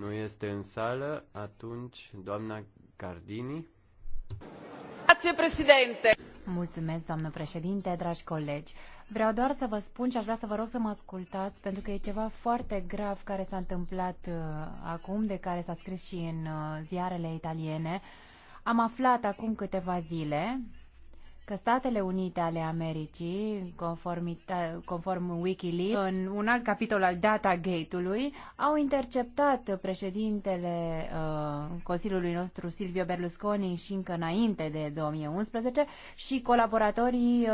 nu este în sală, atunci doamna Gardini. Grazie, președinte! Mulțumesc, doamnă președinte, dragi colegi. Vreau doar să vă spun și aș vrea să vă rog să mă ascultați, pentru că e ceva foarte grav care s-a întâmplat uh, acum, de care s-a scris și în uh, ziarele italiene. Am aflat acum câteva zile că Statele Unite ale Americii, conform, conform Wikileaks, în un alt capitol al Datagate-ului, au interceptat președintele uh, Consiliului nostru Silvio Berlusconi și încă înainte de 2011 și colaboratorii uh,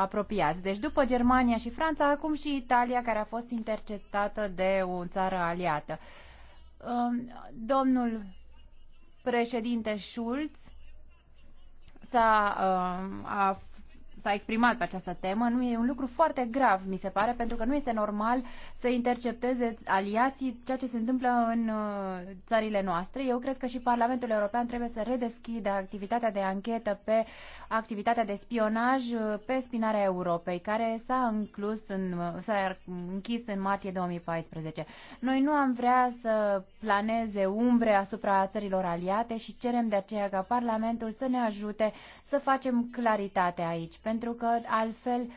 apropiați. Deci după Germania și Franța, acum și Italia, care a fost interceptată de o țară aliată. Uh, domnul președinte Schulz Asta uh, a s-a exprimat pe această temă. Nu e un lucru foarte grav, mi se pare, pentru că nu este normal să intercepteze aliații ceea ce se întâmplă în uh, țările noastre. Eu cred că și Parlamentul European trebuie să redeschidă activitatea de anchetă pe activitatea de spionaj uh, pe spinarea Europei, care s-a inclus în, uh, s-a închis în martie 2014. Noi nu am vrea să planeze umbre asupra țărilor aliate și cerem de aceea ca Parlamentul să ne ajute să facem claritate aici pentru că altfel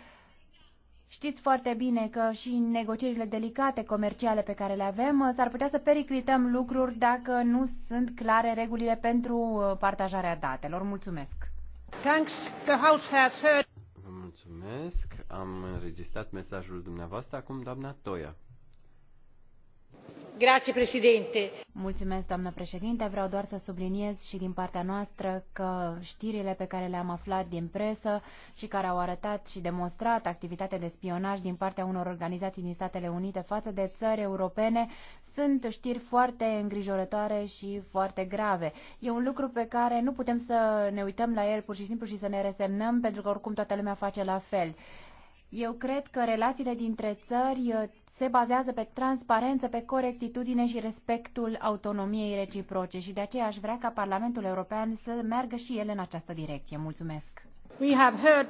știți foarte bine că și în negocierile delicate comerciale pe care le avem uh, s-ar putea să periclităm lucruri dacă nu sunt clare regulile pentru uh, partajarea datelor. Mulțumesc! Thanks. The House has heard. Mulțumesc. Am înregistrat mesajul dumneavoastră. Acum, doamna Toia. Mulțumesc, doamnă președinte. Vreau doar să subliniez și din partea noastră că știrile pe care le-am aflat din presă și care au arătat și demonstrat activitatea de spionaj din partea unor organizații din Statele Unite față de țări europene sunt știri foarte îngrijorătoare și foarte grave. E un lucru pe care nu putem să ne uităm la el pur și simplu și să ne resemnăm, pentru că oricum toată lumea face la fel. Eu cred că relațiile dintre țări se bazează pe transparență, pe corectitudine și respectul autonomiei reciproce și de aceea aș vrea ca Parlamentul European să meargă și el în această direcție. Mulțumesc! We have heard...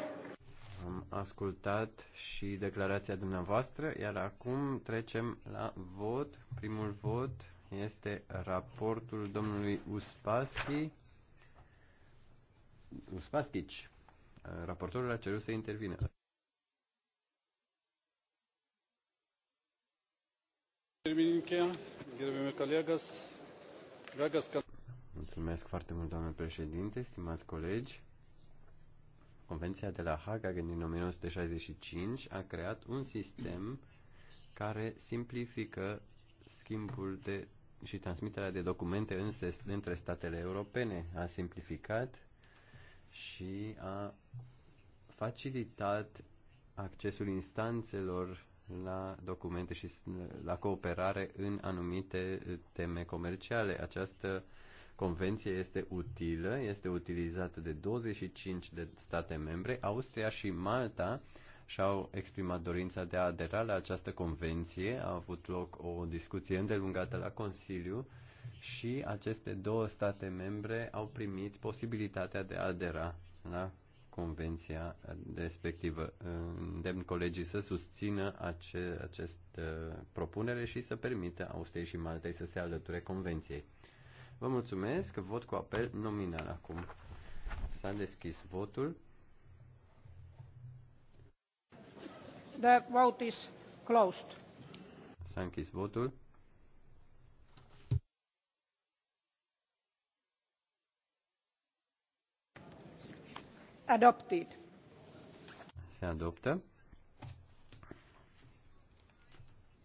Am ascultat și declarația dumneavoastră, iar acum trecem la vot. Primul vot este raportul domnului Uspaschi. Uspaschici. Raportorul a cerut să intervină. Mulțumesc foarte mult, doamnă președinte, stimați colegi. Convenția de la Haga din 1965 a creat un sistem care simplifică schimbul de și transmiterea de documente în, între statele europene. A simplificat și a facilitat accesul instanțelor la documente și la cooperare în anumite teme comerciale. Această convenție este utilă, este utilizată de 25 de state membre. Austria și Malta și-au exprimat dorința de a adera la această convenție. A avut loc o discuție îndelungată la Consiliu și aceste două state membre au primit posibilitatea de a adera la convenția respectivă. Îndemn colegii să susțină ace, acest propunere și să permită Austriei și Maltei să se alăture convenției. Vă mulțumesc. Vot cu apel nominal acum. S-a deschis votul. The vote is closed. S-a închis votul. adopted. Se adoptă.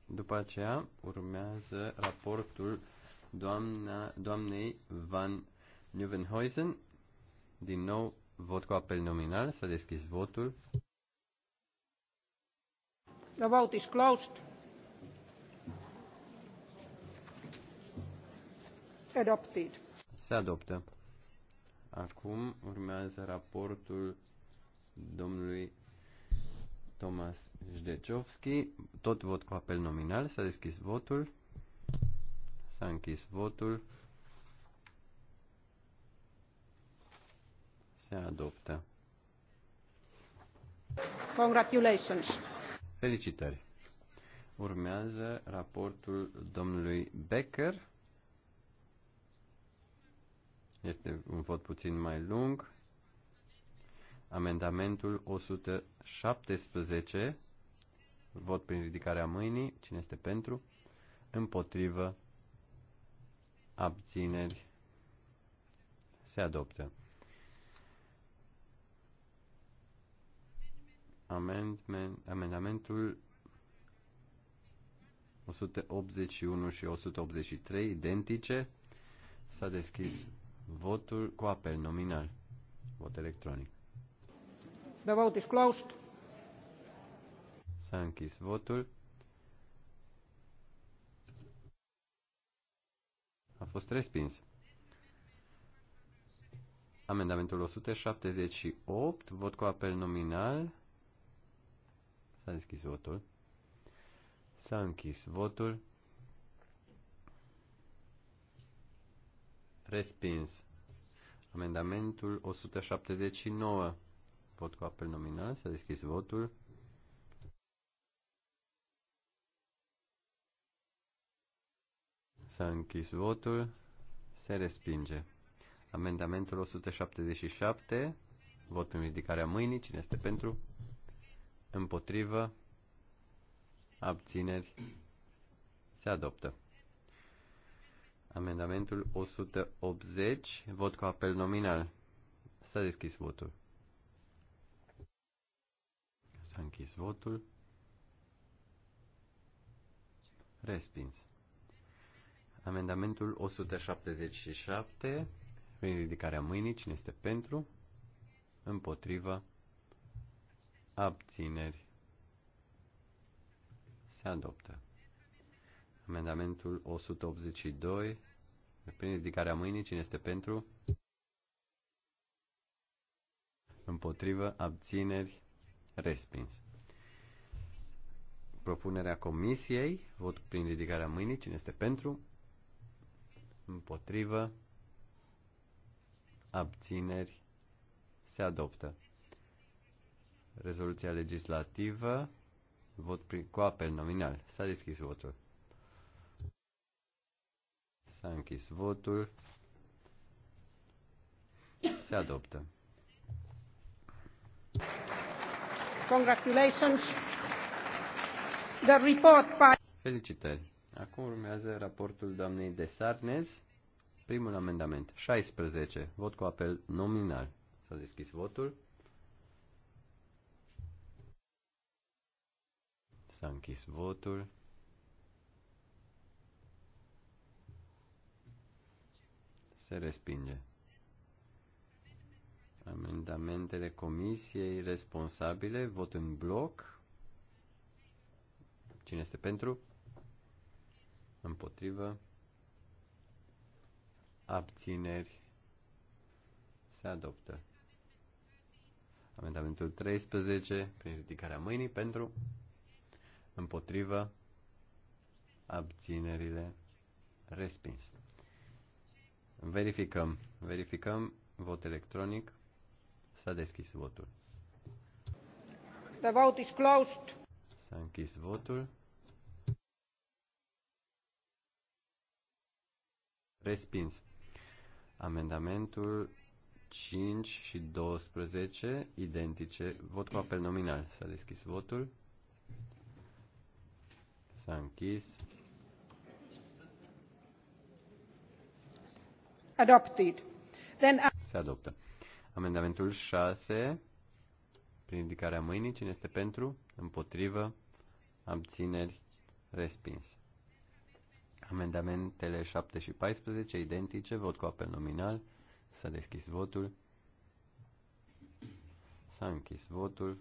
După aceea urmează raportul doamna, doamnei Van Nieuwenhuizen. Din nou, vot cu apel nominal. S-a deschis votul. The vote is closed. Adopted. Se adoptă. Acum urmează raportul domnului Thomas Zdechovski. Tot vot cu apel nominal. S-a deschis votul. S-a închis votul. Se adoptă. Congratulations! Felicitări! Urmează raportul domnului Becker este un vot puțin mai lung. Amendamentul 117. Vot prin ridicarea mâinii. Cine este pentru? Împotrivă. Abțineri. Se adoptă. Amendment, amendamentul 181 și 183 identice. S-a deschis Votul cu apel nominal. Vot electronic. The vote is closed. S-a închis votul. A fost respins. Amendamentul 178, vot cu apel nominal. S-a deschis votul. S-a închis votul. Respins. Amendamentul 179. Vot cu apel nominal. S-a deschis votul. S-a închis votul. Se respinge. Amendamentul 177. Vot prin ridicarea mâinii. Cine este pentru? Împotrivă. Abțineri. Se adoptă. Amendamentul 180, vot cu apel nominal. S-a deschis votul. S-a închis votul. Respins. Amendamentul 177, prin ridicarea mâinii, cine este pentru, împotriva, abțineri, se adoptă. Amendamentul 182. Prin ridicarea mâinii, cine este pentru? Împotrivă, abțineri, respins. Propunerea comisiei, vot prin ridicarea mâinii, cine este pentru? Împotrivă, abțineri, se adoptă. Rezoluția legislativă, vot prin, cu apel nominal. S-a deschis votul. S-a închis votul. Se adoptă. Congratulations. The report by... Felicitări. Acum urmează raportul doamnei de Sarnez. Primul amendament, 16, vot cu apel nominal. S-a deschis votul. S-a închis votul. se respinge. Amendamentele comisiei responsabile, vot în bloc. Cine este pentru? Împotrivă. Abțineri. Se adoptă. Amendamentul 13, prin ridicarea mâinii, pentru, împotrivă, abținerile, respins. Verificăm. Verificăm vot electronic. S-a deschis votul. The vote is closed. S-a închis votul. Respins. Amendamentul 5 și 12 identice. Vot cu apel nominal. S-a deschis votul. S-a închis. adopted. Then... Uh, se adoptă. Amendamentul 6, prin indicarea mâinii, cine este pentru, împotrivă, abțineri, respins. Amendamentele 7 și 14, identice, vot cu apel nominal, s-a deschis votul, s-a închis votul,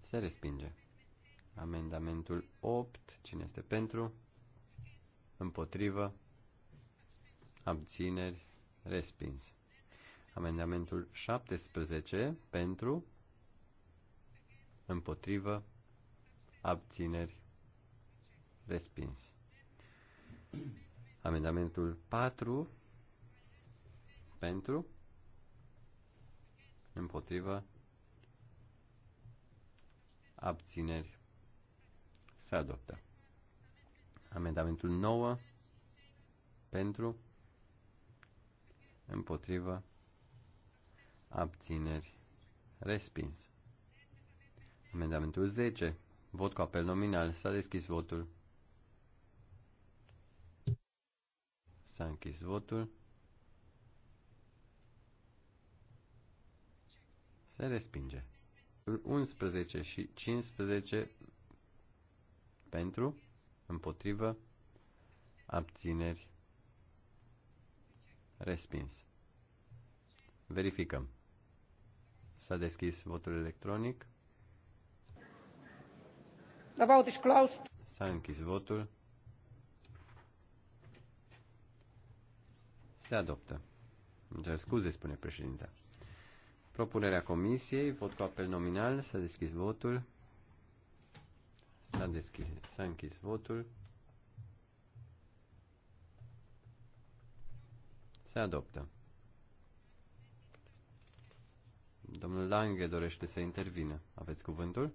se respinge. Amendamentul 8, cine este pentru, împotrivă, abțineri, respins. Amendamentul 17 pentru, împotrivă, abțineri, respins. Amendamentul 4 pentru, împotrivă, abțineri, se adoptă. Amendamentul 9 pentru, împotrivă, abțineri, respins. Amendamentul 10. Vot cu apel nominal. S-a deschis votul. S-a închis votul. Se respinge. 11 și 15 pentru, împotrivă, abțineri, respins. Verificăm. S-a deschis votul electronic. The vote is S-a închis votul. Se adoptă. Îmi scuze, spune președinta. Propunerea comisiei, vot cu apel nominal, s-a deschis votul. S-a deschis, s-a închis votul. Se adoptă. Domnul Lange dorește să intervină. Aveți cuvântul?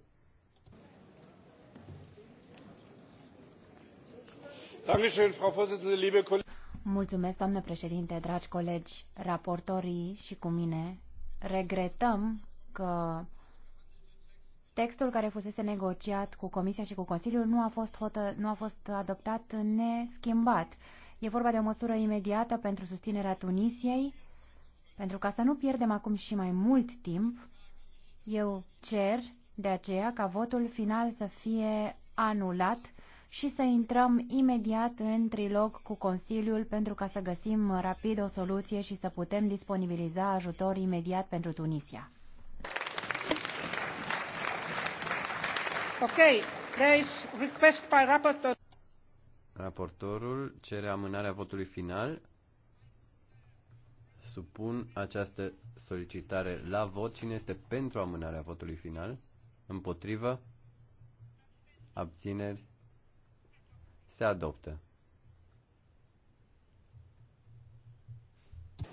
Mulțumesc, doamnă președinte, dragi colegi, raportorii și cu mine. Regretăm că Textul care fusese negociat cu Comisia și cu Consiliul nu a fost, hotă, nu a fost adoptat neschimbat. E vorba de o măsură imediată pentru susținerea Tunisiei, pentru ca să nu pierdem acum și mai mult timp, eu cer de aceea ca votul final să fie anulat și să intrăm imediat în trilog cu Consiliul pentru ca să găsim rapid o soluție și să putem disponibiliza ajutor imediat pentru Tunisia. Ok, request Raportorul cere amânarea votului final. Supun această solicitare la vot. Cine este pentru amânarea votului final? Împotrivă? Abțineri? Se adoptă.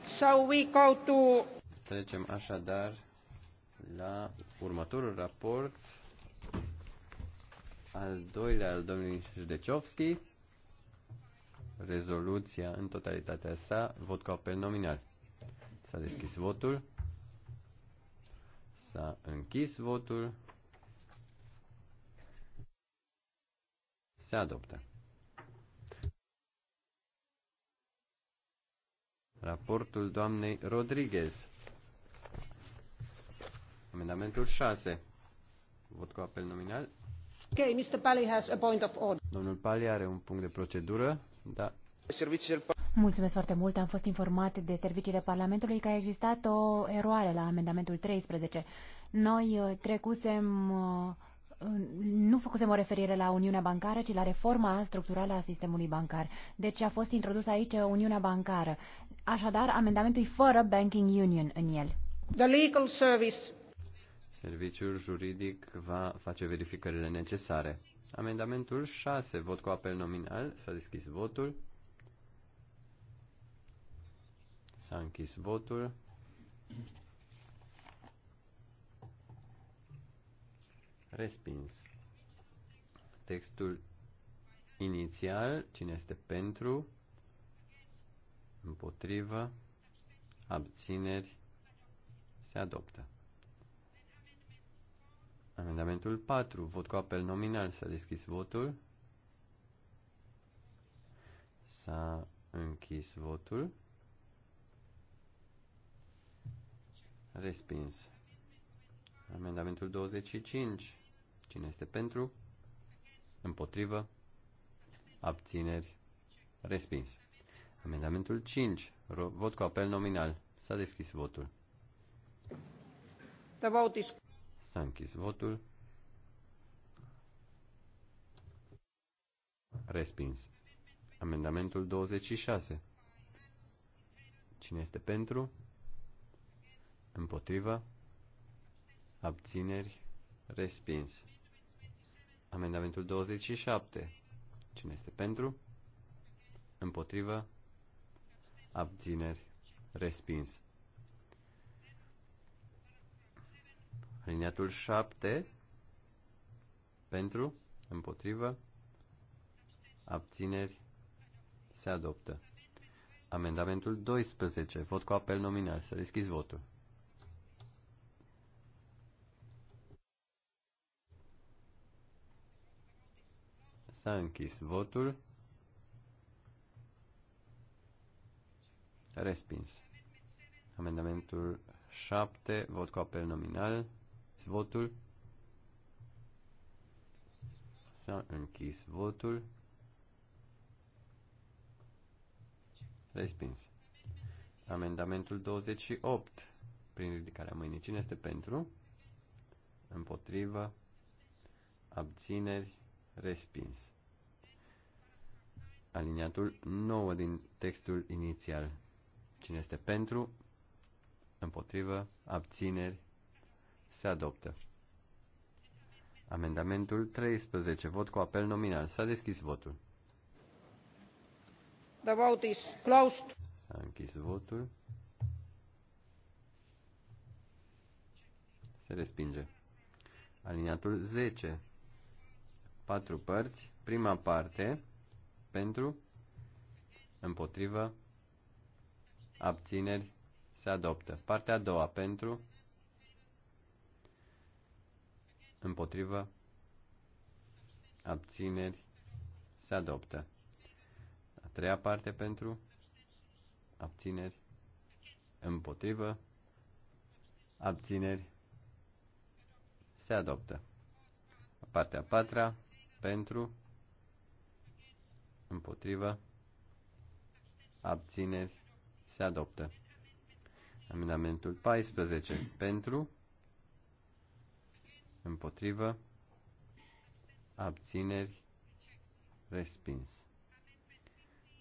So we go to... Trecem așadar la următorul raport al doilea al domnului Jdeciovski, rezoluția în totalitatea sa, vot cu apel nominal. S-a deschis votul, s-a închis votul, se adoptă. Raportul doamnei Rodriguez. Amendamentul 6. Vot cu apel nominal. Okay, Mr. has a point of order. Domnul Pali are un punct de procedură, da. Mulțumesc foarte mult. Am fost informat de serviciile Parlamentului că a existat o eroare la amendamentul 13. Noi uh, trecusem uh, nu făcusem o referire la Uniunea Bancară, ci la reforma structurală a sistemului bancar. Deci a fost introdusă aici Uniunea Bancară. Așadar, amendamentul fără Banking Union în el. The legal service Serviciul juridic va face verificările necesare. Amendamentul 6. Vot cu apel nominal. S-a deschis votul. S-a închis votul. Respins. Textul inițial. Cine este pentru? Împotrivă. Abțineri. Se adoptă. Amendamentul 4. Vot cu apel nominal. S-a deschis votul. S-a închis votul. Respins. Amendamentul 25. Cine este pentru? Împotrivă? Abțineri? Respins. Amendamentul 5. Vot cu apel nominal. S-a deschis votul. The vote is S-a închis votul. Respins. Amendamentul 26. Cine este pentru? Împotrivă? Abțineri? Respins. Amendamentul 27. Cine este pentru? Împotrivă? Abțineri? Respins. Aliniatul 7 pentru, împotrivă, abțineri, se adoptă. Amendamentul 12, vot cu apel nominal, să deschizi votul. S-a închis votul. Respins. Amendamentul 7, vot cu apel nominal, votul. S-a închis votul. Respins. Amendamentul 28. Prin ridicarea mâinii. Cine este pentru? Împotrivă. Abțineri. Respins. Aliniatul 9 din textul inițial. Cine este pentru? Împotrivă. Abțineri. Se adoptă. Amendamentul 13. Vot cu apel nominal. S-a deschis votul. The vote is closed. S-a închis votul. Se respinge. Aliniatul 10. Patru părți. Prima parte. Pentru. Împotrivă. Abțineri. Se adoptă. Partea a doua. Pentru. Împotrivă. Abțineri. Se adoptă. A treia parte pentru. Abțineri. Împotrivă. Abțineri. Se adoptă. a Partea a patra pentru. Împotrivă. Abțineri. Se adoptă. Amendamentul 14 pentru împotrivă, abțineri, respins.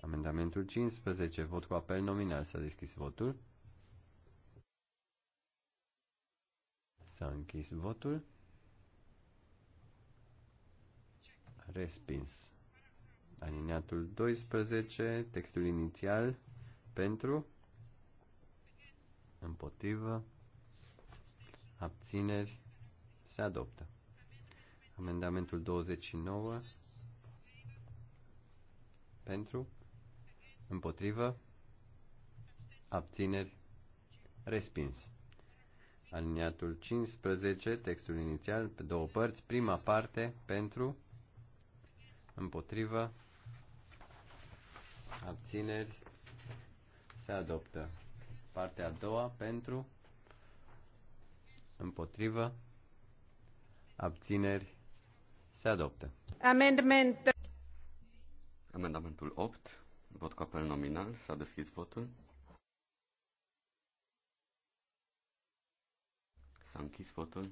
Amendamentul 15, vot cu apel nominal, s-a deschis votul. S-a închis votul. Respins. Alineatul 12, textul inițial, pentru, împotrivă, abțineri, se adoptă. Amendamentul 29 pentru, împotrivă, abțineri, respins. Aliniatul 15, textul inițial, pe două părți, prima parte, pentru, împotrivă, abțineri, se adoptă. Partea a doua, pentru, împotrivă, abțineri, se adoptă. Amendment. Amendamentul 8, vot cu apel nominal, s-a deschis votul. S-a închis votul.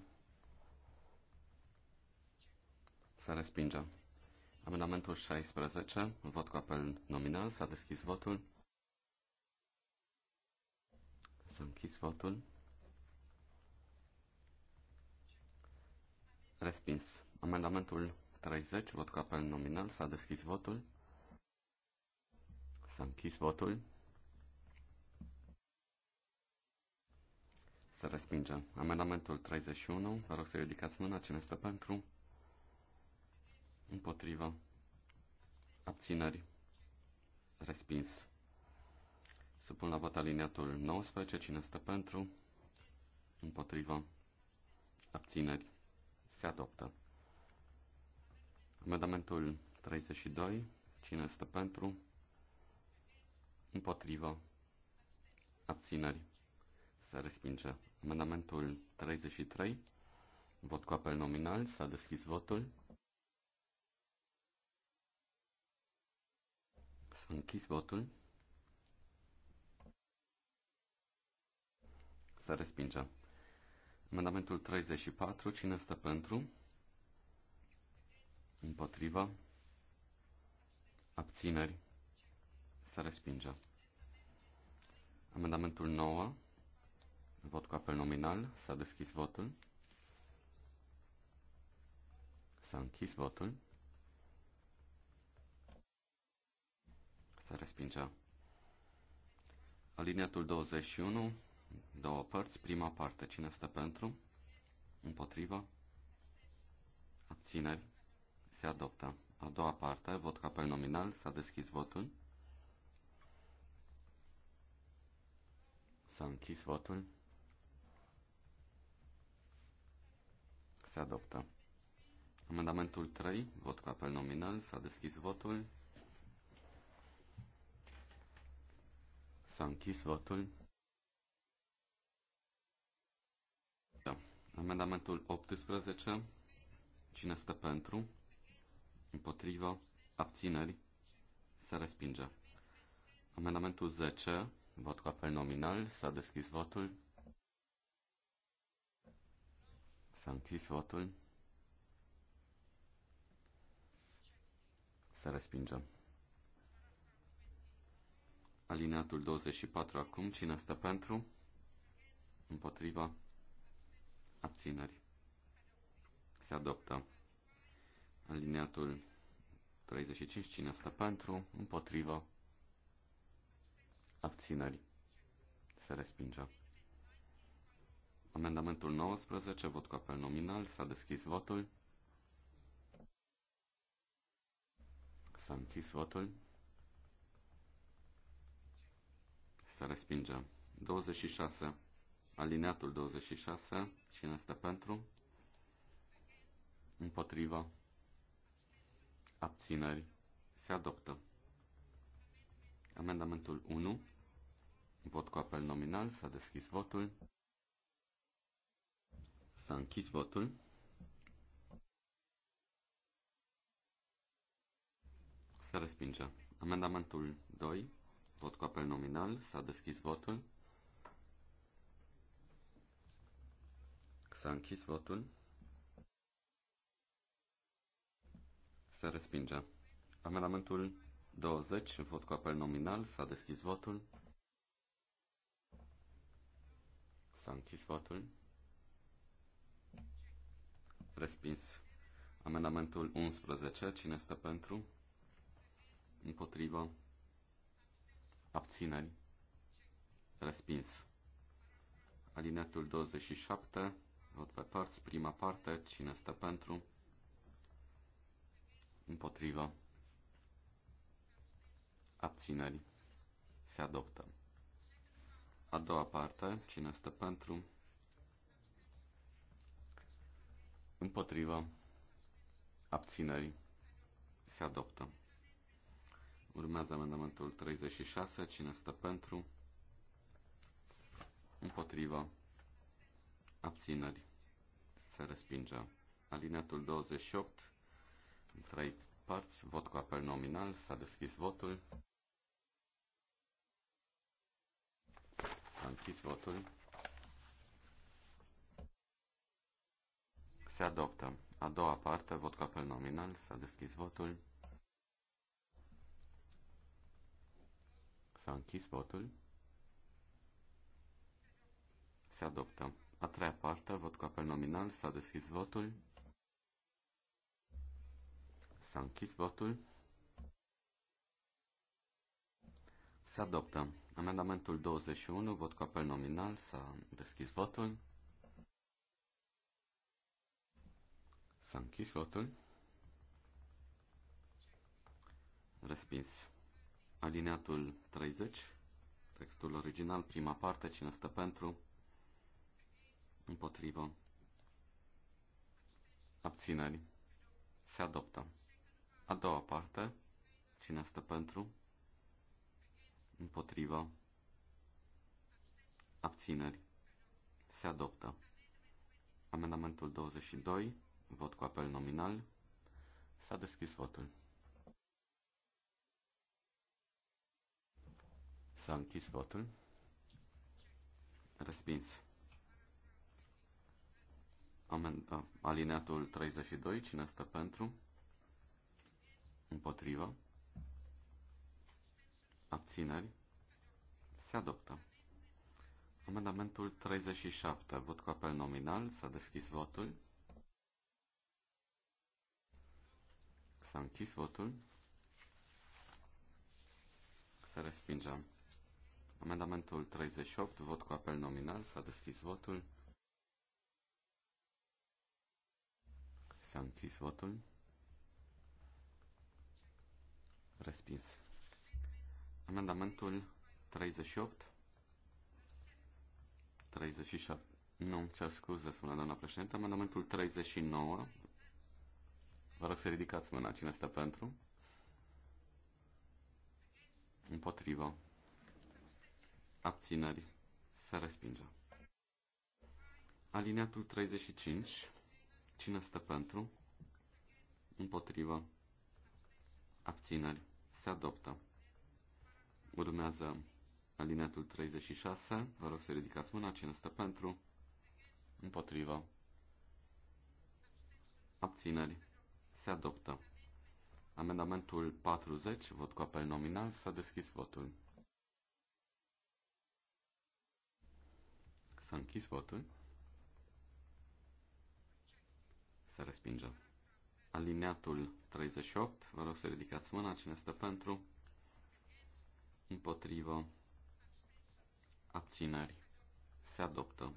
Se respinge. Amendamentul 16, vot cu apel nominal, s-a deschis votul. S-a închis votul. Respins. Amendamentul 30, vot cu apel nominal, s-a deschis votul. S-a închis votul. Se respinge. Amendamentul 31, vă rog să ridicați mâna, cine este pentru? Împotrivă. Abțineri. Respins. Supun la vot aliniatul 19, cine este pentru? Împotrivă. Abțineri se adoptă. Amendamentul 32. Cine este pentru? Împotrivă. Abțineri. Se respinge. Amendamentul 33. Vot cu apel nominal. S-a deschis votul. S-a închis votul. Se respinge. Amendamentul 34. Cine stă pentru? Împotriva? Abțineri? Se respinge. Amendamentul 9. Vot cu apel nominal. S-a deschis votul. S-a închis votul. Se respinge. Aliniatul 21 două părți. Prima parte, cine stă pentru? Împotriva? Abțineri? Se adoptă. A doua parte, vot ca pe nominal, s-a deschis votul. S-a închis votul. Se adoptă. Amendamentul 3, vot cu apel nominal, s-a deschis votul. S-a închis votul. Amendamentul 18. Cine stă pentru? Împotriva? Abțineri? Se respinge. Amendamentul 10. Vot cu apel nominal. S-a deschis votul. S-a închis votul. Se respinge. Alineatul 24 acum. Cine stă pentru? Împotriva? abțineri, se adoptă. Alineatul 35, cine stă pentru, împotrivă, abțineri, se respinge. Amendamentul 19, vot cu apel nominal, s-a deschis votul. S-a închis votul. Se respinge. 26 Alineatul 26. Cine este pentru? Împotriva. Abțineri. Se adoptă. Amendamentul 1. Vot cu apel nominal. S-a deschis votul. S-a închis votul. Se respinge. Amendamentul 2. Vot cu apel nominal. S-a deschis votul. S-a închis votul. Se respinge. Amendamentul 20, vot cu apel nominal, s-a deschis votul. S-a închis votul. Respins. Amendamentul 11, cine stă pentru? Împotrivă. Abțineri. Respins. Alineatul 27, Vot pe părți, prima parte, cine stă pentru, împotriva, abțineri, se adoptă. A doua parte, cine stă pentru, împotriva, abțineri, se adoptă. Urmează amendamentul 36, cine stă pentru, împotriva, abțineri, se respinge. Alineatul 28, în trei părți, vot cu apel nominal, s-a deschis votul. S-a închis votul. Se adoptă. A doua parte, vot cu apel nominal, s-a deschis votul. S-a închis votul. Se adoptă. A treia parte, vot cu apel nominal, s-a deschis votul. S-a închis votul. Se adoptă. Amendamentul 21, vot cu apel nominal, s-a deschis votul. S-a închis votul. Respins. Alineatul 30, textul original, prima parte, cine stă pentru, Împotrivă. Abțineri. Se adoptă. A doua parte. Cine stă pentru? Împotrivă. Abțineri. Se adoptă. Amendamentul 22. Vot cu apel nominal. S-a deschis votul. S-a închis votul. Respins. Amen, alineatul 32, cine este pentru? Împotrivă. Abțineri. Se adoptă. Amendamentul 37. Vot cu apel nominal. S-a deschis votul. S-a închis votul. Se respinge. Amendamentul 38. Vot cu apel nominal. S-a deschis votul. S-a închis votul. Respins. Amendamentul 38. 37. Nu, cer scuze, spune doamna președinte. Amendamentul 39. Vă rog să ridicați mâna. Cine este pentru? Împotrivă. Abțineri. să respingă. Alineatul 35. Cine stă pentru? Împotrivă. Abțineri. Se adoptă. Urmează alineatul 36. Vă rog să ridicați mâna. Cine stă pentru? Împotrivă. Abțineri. Se adoptă. Amendamentul 40, vot cu apel nominal, s-a deschis votul. S-a închis votul. se respinge. Alineatul 38, vă rog să ridicați mâna, cine este pentru, împotrivă, abțineri, se adoptă.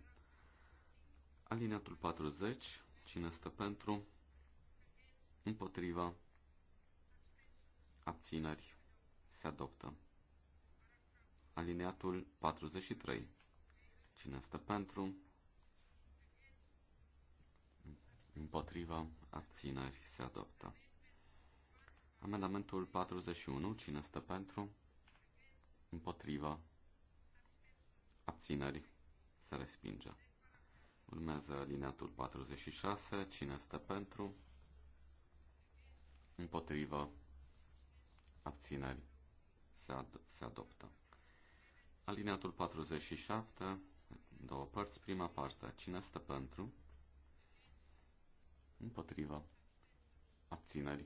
Alineatul 40, cine este pentru, împotriva, abțineri, se adoptă. Alineatul 43, cine este pentru, împotriva, abțineri, se adoptă. Amendamentul 41, cine stă pentru, împotriva, abțineri, se respinge. Urmează lineatul 46, cine stă pentru, împotriva, abțineri, se, ad- se adoptă. Alineatul 47, două părți, prima parte, cine stă pentru, Împotriva. Abțineri.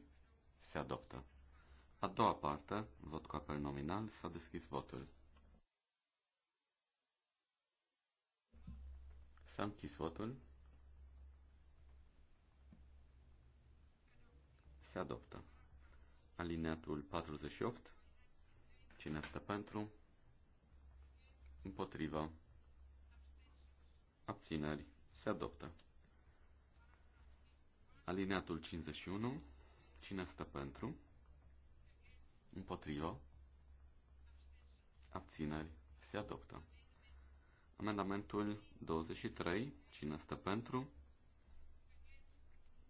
Se adoptă. A doua parte, vot cu apel nominal, s-a deschis votul. S-a închis votul. Se adoptă. Alineatul 48. Cine este pentru? Împotriva. Abțineri. Se adoptă. Alineatul 51. Cine stă pentru? Împotrivă. Abțineri. Se adoptă. Amendamentul 23. Cine stă pentru?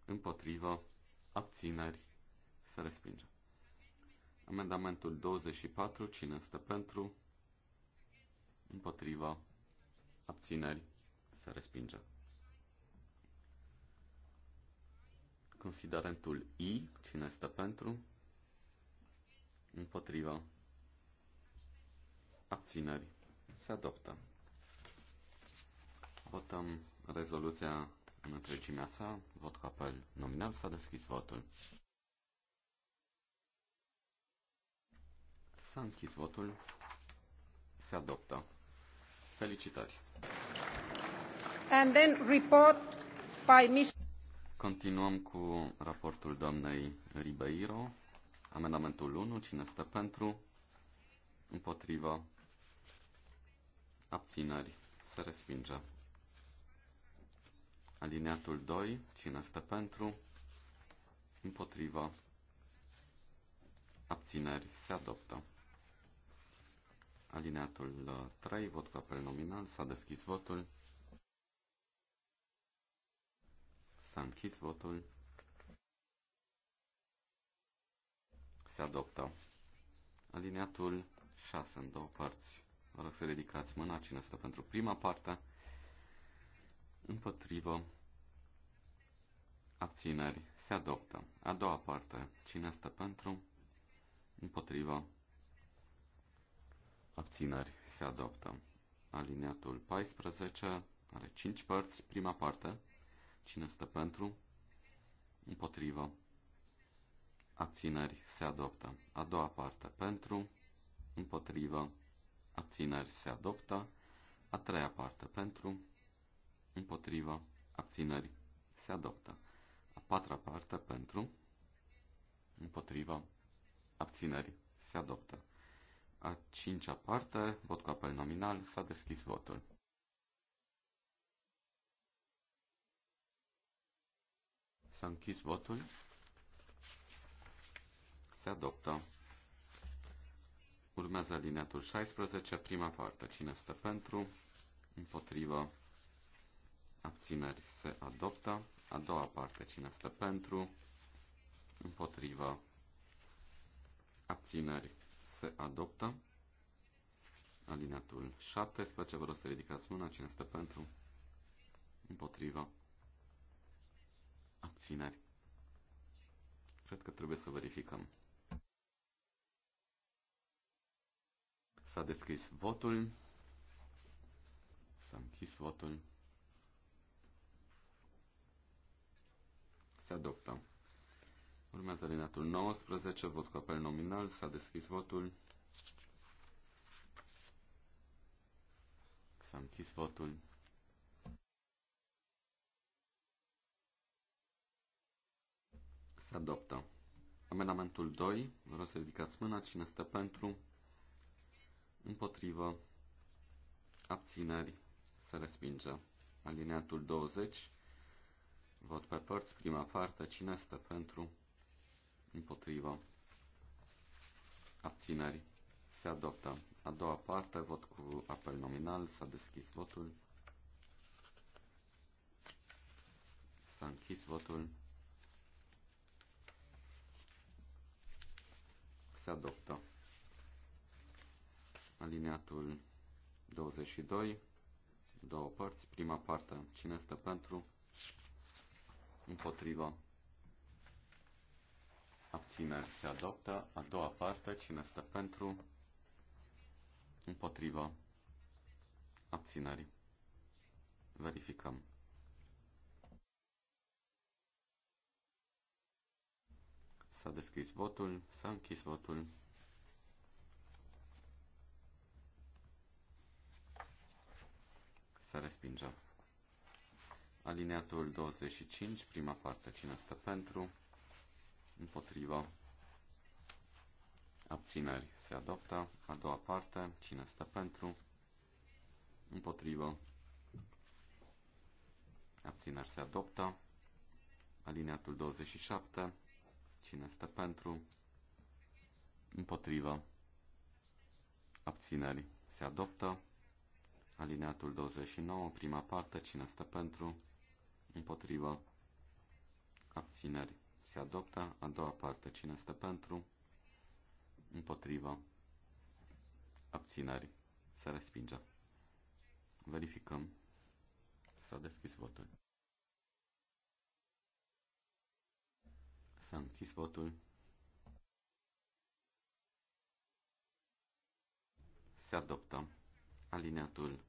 Împotrivă. Abțineri. Se respinge. Amendamentul 24. Cine stă pentru? Împotrivă. Abțineri. Se respinge. Considerentul I, cine este pentru? Împotriva. Abțineri. Se adoptă. Votăm rezoluția în întregimea sa. Vot cu apel nominal. S-a deschis votul. S-a închis votul. Se adoptă. Felicitări. And then report by Mr. Continuăm cu raportul doamnei Ribeiro. Amendamentul 1. Cine stă pentru? Împotriva? Abținări. Se respinge. Alineatul 2. Cine stă pentru? Împotriva? Abțineri. Se adoptă. Alineatul 3. Vot cu apel nominal. S-a deschis votul. S-a închis votul. Se adoptă. Alineatul 6 în două părți. Vă rog să ridicați mâna cine stă pentru prima parte. Împotrivă. Abțineri. Se adoptă. A doua parte. Cine stă pentru? Împotrivă. Abțineri. Se adoptă. Alineatul 14 are 5 părți. Prima parte. Cine stă pentru? Împotrivă. Abțineri se adoptă. A doua parte pentru, împotrivă, abțineri se adoptă. A treia parte pentru, împotrivă, abțineri se adoptă. A patra parte pentru, împotrivă, abțineri se adoptă. A cincea parte, vot cu apel nominal, s-a deschis votul. S-a închis votul. Se adoptă. Urmează alineatul 16, prima parte. Cine este pentru? Împotrivă. Abțineri se adoptă. A doua parte. Cine este pentru? Împotrivă. Abțineri se adoptă. Alineatul 17. Vă rog să ridicați mâna. Cine este pentru? Împotrivă abțineri. Cred că trebuie să verificăm. S-a deschis votul. S-a închis votul. Se adoptă. Urmează alineatul 19, vot cu apel nominal, s-a deschis votul. S-a închis votul. Se adoptă. Amendamentul 2. Vreau să ridicați mâna. Cine stă pentru? Împotrivă. Abțineri. Se respinge. Alineatul 20. Vot pe părți. Prima parte. Cine stă pentru? Împotrivă. Abțineri. Se adoptă. A doua parte. Vot cu apel nominal. S-a deschis votul. S-a închis votul. se adoptă. Alineatul 22, două părți, prima parte, cine este pentru, împotriva, abține, se adoptă, a doua parte, cine este pentru, împotriva, abținerii. Verificăm. S-a deschis votul, s-a închis votul. Se respinge. Alineatul 25, prima parte, cine stă pentru, împotriva, abțineri, se adoptă. A doua parte, cine stă pentru, împotriva, abțineri, se adoptă. Alineatul 27, Cine este pentru? Împotrivă. Abțineri. Se adoptă. Alineatul 29, prima parte. Cine este pentru? Împotrivă. Abțineri. Se adoptă. A doua parte. Cine este pentru? Împotrivă. Abțineri. Se respinge. Verificăm. S-a deschis votul. S-a votul. Se adoptă alineatul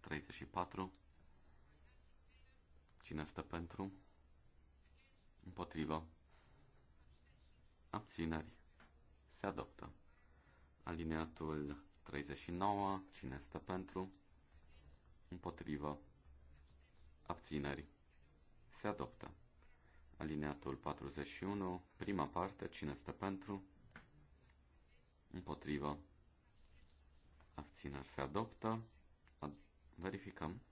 34. Cine stă pentru? Împotrivă. Abțineri. Se adoptă. Alineatul 39. Cine stă pentru? Împotrivă. Abțineri. Se adoptă alineatul 41, prima parte, cine stă pentru, împotrivă, abțineri se adoptă, ad- verificăm.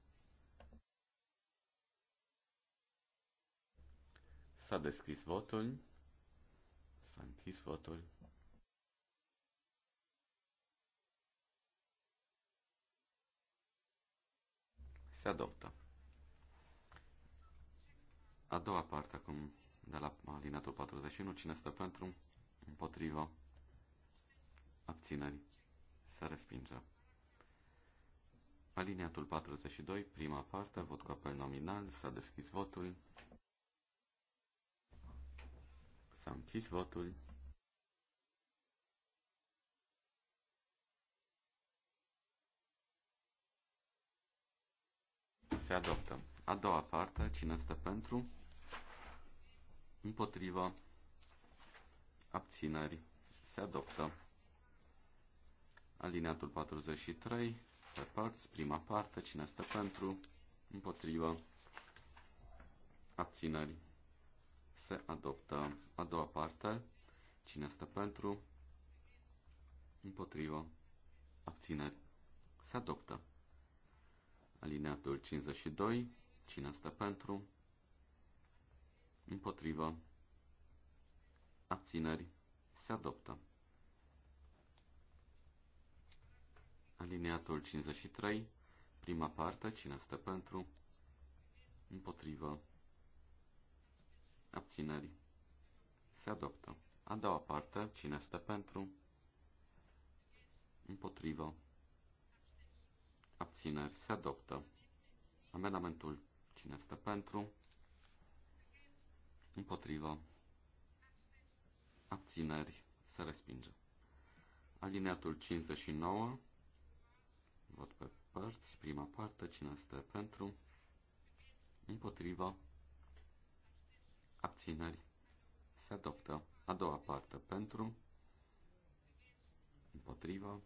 S-a deschis votul, s-a închis votul. Se adoptă. A doua parte acum, de la alineatul 41, cine stă pentru, împotrivă, abțineri, se respinge. Aliniatul 42, prima parte, vot cu apel nominal, s-a deschis votul, s-a închis votul, se adoptă. A doua parte, cine stă pentru, împotriva, abțineri, se adoptă. Alineatul 43, pe părți, prima parte, cine este pentru, împotriva, abțineri, se adoptă. A doua parte, cine este pentru, împotriva, abțineri, se adoptă. Alineatul 52, cine este pentru, împotrivă, abțineri, se adoptă. Alineatul 53, prima parte, cine stă pentru, împotrivă, abțineri, se adoptă. A doua parte, cine stă pentru, împotrivă, abțineri, se adoptă. Amendamentul, cine stă pentru, împotriva, abțineri, se respinge. Alineatul 59, vot pe părți, prima parte, cine este pentru, împotriva, abțineri, se adoptă. A doua parte, pentru, împotriva,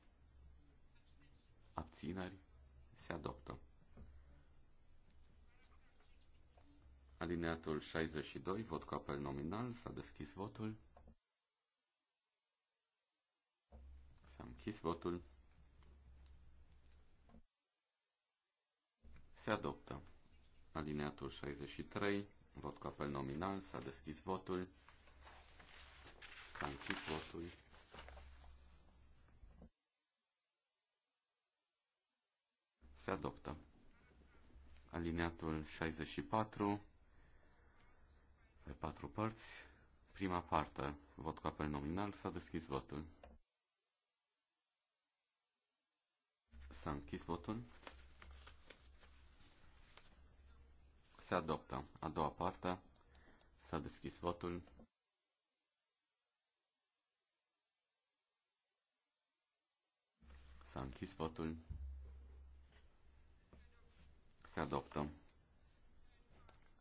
abțineri, se adoptă. Alineatul 62, vot cu apel nominal, s-a deschis votul. S-a închis votul. Se adoptă. Alineatul 63, vot cu apel nominal, s-a deschis votul. S-a închis votul. Se adoptă. Alineatul 64, pe patru părți. Prima parte, vot cu apel nominal, s-a deschis votul. S-a închis votul. Se adoptă. A doua parte, s-a deschis votul. S-a închis votul. Se adoptă.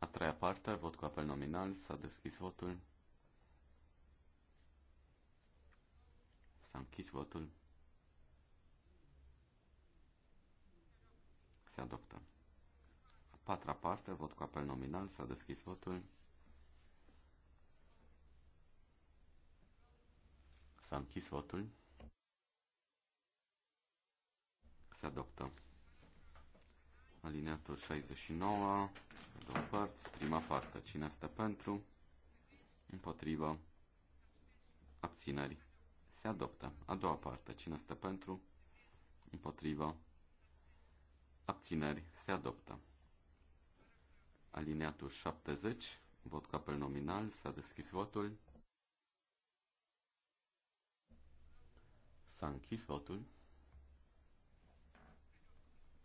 A treia parte, vot cu apel nominal, s-a deschis votul. S-a închis votul. Se adoptă. A patra parte, vot cu apel nominal, s-a deschis votul. S-a închis votul. Se adoptă. Alineatul 69, două părți, prima parte, cine este pentru, împotrivă, abțineri, se adoptă. A doua parte, cine este pentru, împotrivă, abțineri, se adoptă. Alineatul 70, vot cu nominal, s-a deschis votul. S-a închis votul.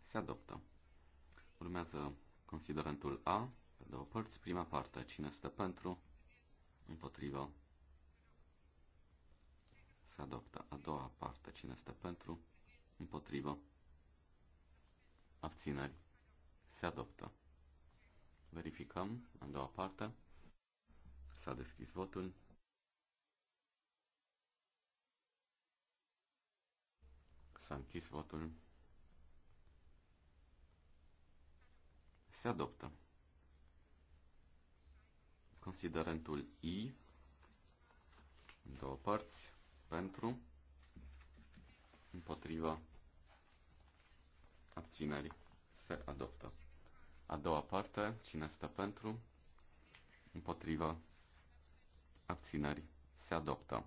Se adoptă. Urmează considerentul A, pe două părți, prima parte, cine este pentru, împotriva, se adoptă. A doua parte, cine este pentru, împotriva, abțineri, se adoptă. Verificăm a doua parte. S-a deschis votul. S-a închis votul. Se adoptă. Considerentul I, două părți, pentru, împotriva, abținerii. Se adoptă. A doua parte, cine stă pentru, împotriva, abținerii. Se adoptă.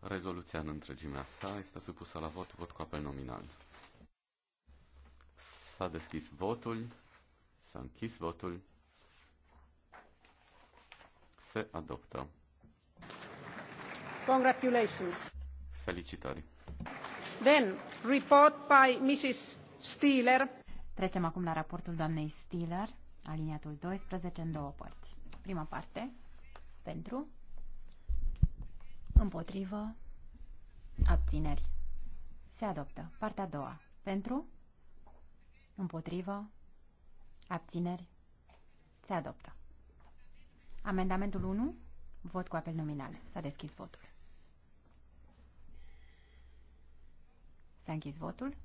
Rezoluția în întregimea sa este supusă la vot, vot cu apel nominal. S-a deschis votul. S-a închis votul. Se adoptă. Congratulations. Felicitări. Then, report by Mrs. Steeler. Trecem acum la raportul doamnei Steeler, aliniatul 12 în două părți. Prima parte, pentru, împotrivă, abțineri. Se adoptă. Partea a doua, pentru, Împotrivă. Abțineri. Se adoptă. Amendamentul 1. Vot cu apel nominal. S-a deschis votul. S-a închis votul.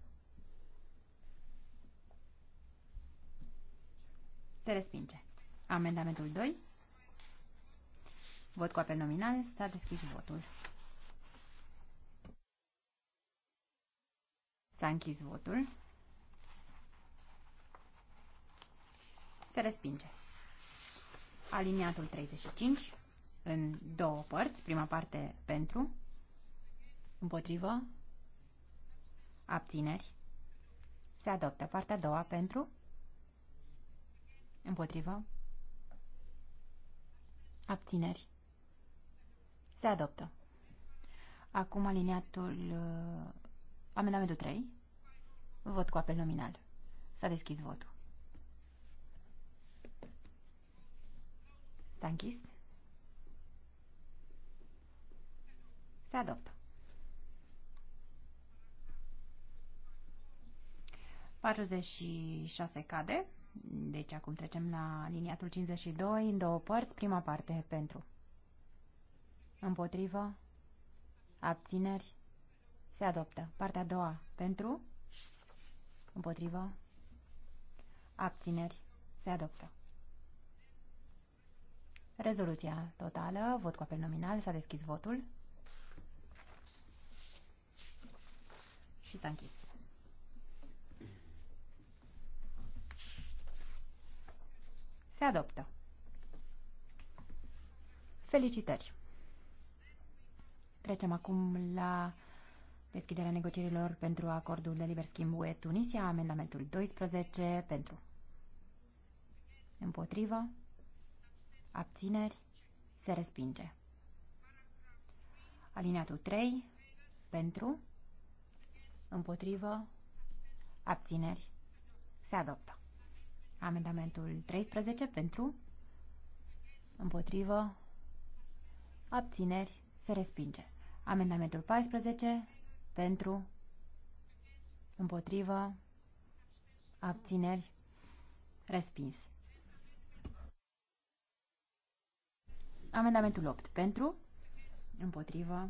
Se respinge. Amendamentul 2. Vot cu apel nominal. S-a deschis votul. S-a închis votul. se respinge. Aliniatul 35 în două părți, prima parte pentru, împotrivă, abțineri, se adoptă partea a doua pentru, împotrivă, abțineri, se adoptă. Acum aliniatul, uh, amendamentul 3, vot cu apel nominal. S-a deschis votul. S-a închis. Se adoptă. 46 cade. Deci acum trecem la liniatul 52 în două părți. Prima parte pentru. Împotrivă. Abțineri. Se adoptă. Partea a doua pentru. Împotrivă. Abțineri. Se adoptă. Rezoluția totală, vot cu apel nominal, s-a deschis votul și s-a închis. Se adoptă. Felicitări! Trecem acum la deschiderea negocierilor pentru acordul de liber schimb UE-Tunisia, amendamentul 12 pentru. Împotrivă abțineri, se respinge. Alineatul 3, pentru, împotrivă, abțineri, se adoptă. Amendamentul 13, pentru, împotrivă, abțineri, se respinge. Amendamentul 14, pentru, împotrivă, abțineri, respins. Amendamentul 8. Pentru, împotrivă,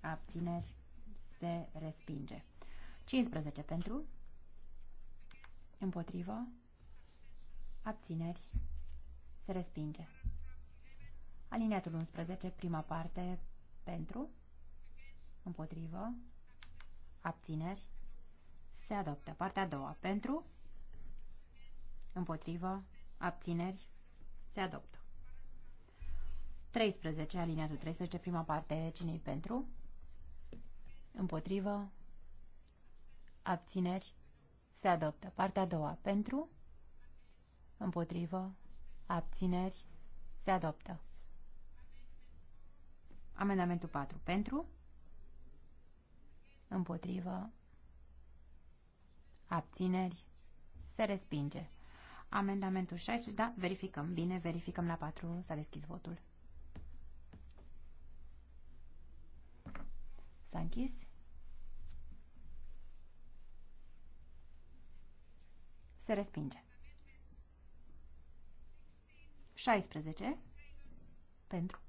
abțineri, se respinge. 15 pentru, împotrivă, abțineri, se respinge. Alineatul 11, prima parte, pentru, împotrivă, abțineri, se adoptă. Partea a doua, pentru, împotrivă, abțineri, se adoptă. 13, aliniatul 13, prima parte, cine pentru? Împotrivă? Abțineri? Se adoptă. Partea a doua, pentru? Împotrivă? Abțineri? Se adoptă. Amendamentul 4, pentru? Împotrivă? Abțineri? Se respinge. Amendamentul 6, da, verificăm. Bine, verificăm la 4, s-a deschis votul. S-a închis. Se respinge. 16 pentru.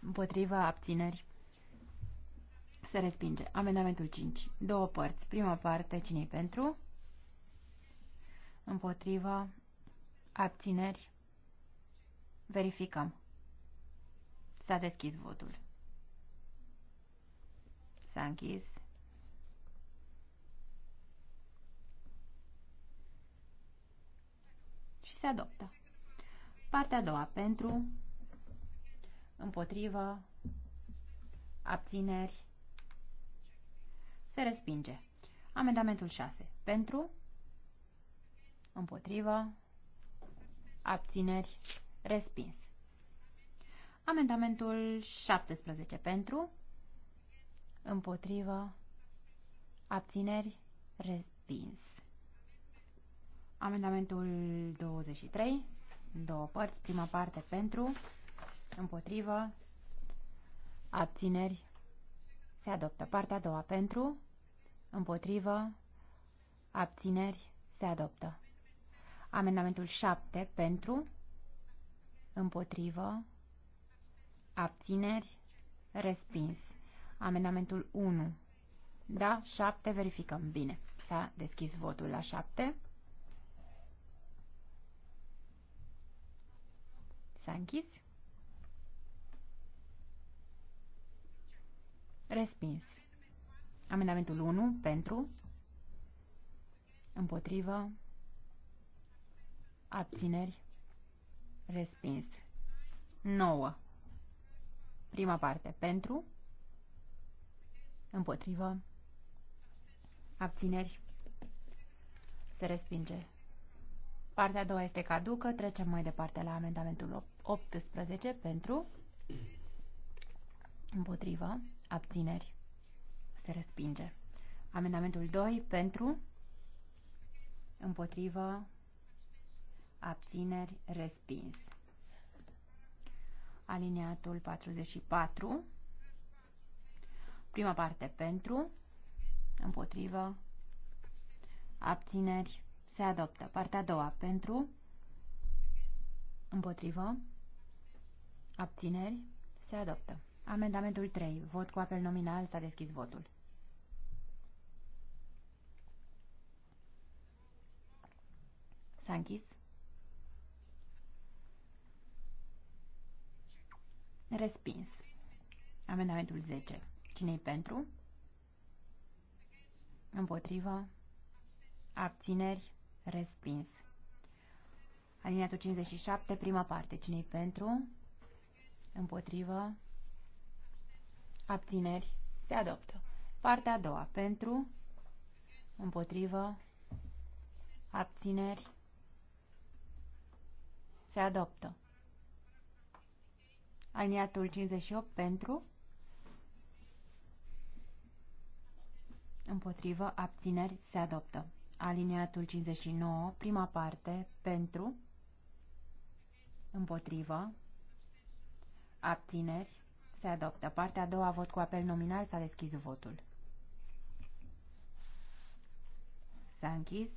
Împotriva abțineri. Se respinge. Amendamentul 5. Două părți. Prima parte, cine pentru? Împotriva abțineri. Verificăm. S-a deschis votul. S-a închis. Și se adoptă. Partea a doua pentru, împotrivă, abțineri, se respinge. Amendamentul 6. Pentru, împotrivă, abțineri, respins. Amendamentul 17 pentru, împotrivă, abțineri, respins. Amendamentul 23, în două părți, prima parte pentru, împotrivă, abțineri, se adoptă. Partea a doua pentru, împotrivă, abțineri, se adoptă. Amendamentul 7 pentru, împotrivă, Abțineri? Respins. Amendamentul 1. Da? 7. Verificăm. Bine. S-a deschis votul la 7. S-a închis. Respins. Amendamentul 1 pentru, împotrivă, abțineri, respins. 9 Prima parte. Pentru. Împotrivă. Abțineri. Se respinge. Partea a doua este caducă. Trecem mai departe la amendamentul 18. Pentru. Împotrivă. Abțineri. Se respinge. Amendamentul 2. Pentru. Împotrivă. Abțineri. Respins alineatul 44, prima parte pentru, împotrivă, abțineri, se adoptă. Partea a doua pentru, împotrivă, abțineri, se adoptă. Amendamentul 3. Vot cu apel nominal. S-a deschis votul. S-a închis. Respins. Amendamentul 10. Cine-i pentru? Împotrivă. Abțineri. Respins. Alineatul 57, prima parte. Cine-i pentru? Împotrivă. Abțineri. Se adoptă. Partea a doua. Pentru. Împotrivă. Abțineri. Se adoptă. Aliniatul 58 pentru. Împotrivă. Abțineri. Se adoptă. Aliniatul 59, prima parte, pentru. Împotrivă. Abțineri. Se adoptă. Partea a doua, vot cu apel nominal, s-a deschis votul. S-a închis.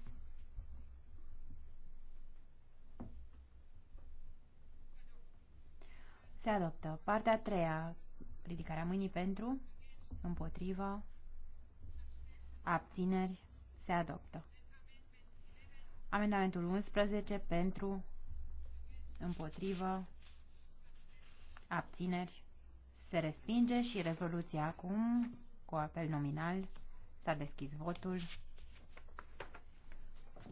Se adoptă. Partea a treia. Ridicarea mâinii pentru. Împotrivă. Abțineri. Se adoptă. Amendamentul 11 pentru. Împotrivă. Abțineri. Se respinge și rezoluția acum cu apel nominal. S-a deschis votul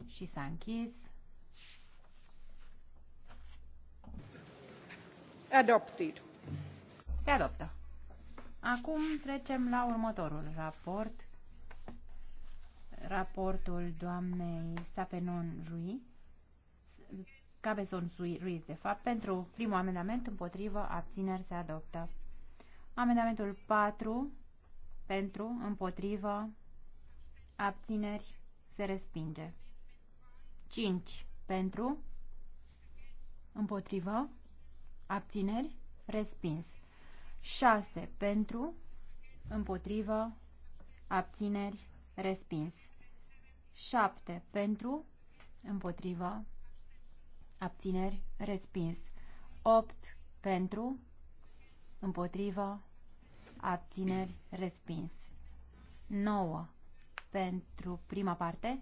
și s-a închis. Adopted. Se adoptă. Acum trecem la următorul raport. Raportul doamnei Sapenon Rui. Cabezon Ruiz, de fapt, pentru primul amendament împotrivă, abțineri se adoptă. Amendamentul 4 pentru, împotrivă, abțineri se respinge. 5 pentru, împotrivă, Abțineri? Respins. 6. Pentru, împotrivă, abțineri, respins. 7. Pentru, împotrivă, abțineri, respins. 8. Pentru, împotrivă, abțineri, respins. 9. Pentru prima parte,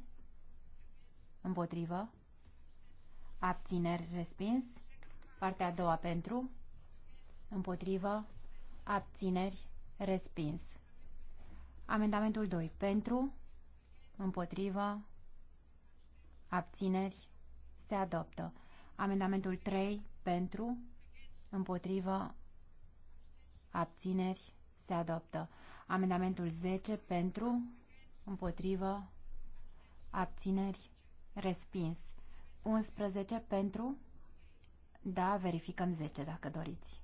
împotrivă, abțineri, respins. Partea a doua pentru, împotrivă, abțineri, respins. Amendamentul 2 pentru, împotrivă, abțineri, se adoptă. Amendamentul 3 pentru, împotrivă, abțineri, se adoptă. Amendamentul 10 pentru, împotrivă, abțineri, respins. 11 pentru, da, verificăm 10 dacă doriți.